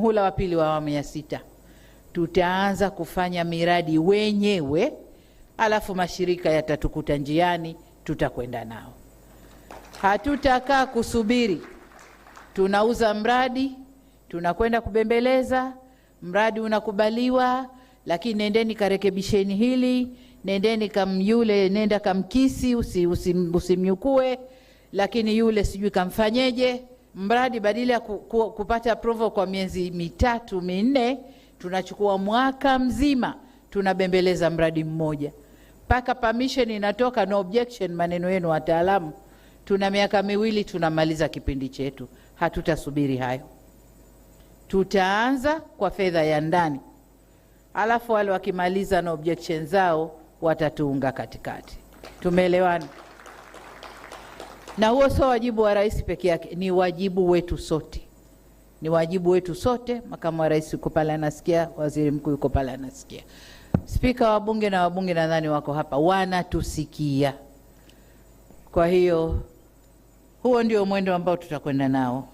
muhula wa pili wa awamu ya sita tutaanza kufanya miradi wenyewe, alafu mashirika yatatukuta njiani, tutakwenda nao. Hatutakaa kusubiri, tunauza mradi, tunakwenda kubembeleza, mradi unakubaliwa, lakini nendeni karekebisheni hili, nendeni kamyule, nenda kamkisi, usimnyukue usi, usi lakini yule sijui kamfanyeje mradi badala ya ku, ku, kupata approval kwa miezi mitatu minne, tunachukua mwaka mzima tunabembeleza mradi mmoja mpaka permission inatoka, no objection, maneno yenu wataalamu. Tuna miaka miwili tunamaliza kipindi chetu, hatutasubiri hayo. Tutaanza kwa fedha ya ndani, alafu wale wakimaliza na no objection zao watatuunga katikati. Tumeelewana? na huo sio wajibu wa rais peke yake, ni wajibu wetu sote, ni wajibu wetu sote. Makamu wa rais yuko pale anasikia, waziri mkuu yuko pale anasikia, spika wa bunge na wabunge nadhani wako hapa wanatusikia. Kwa hiyo huo ndio mwendo ambao tutakwenda nao.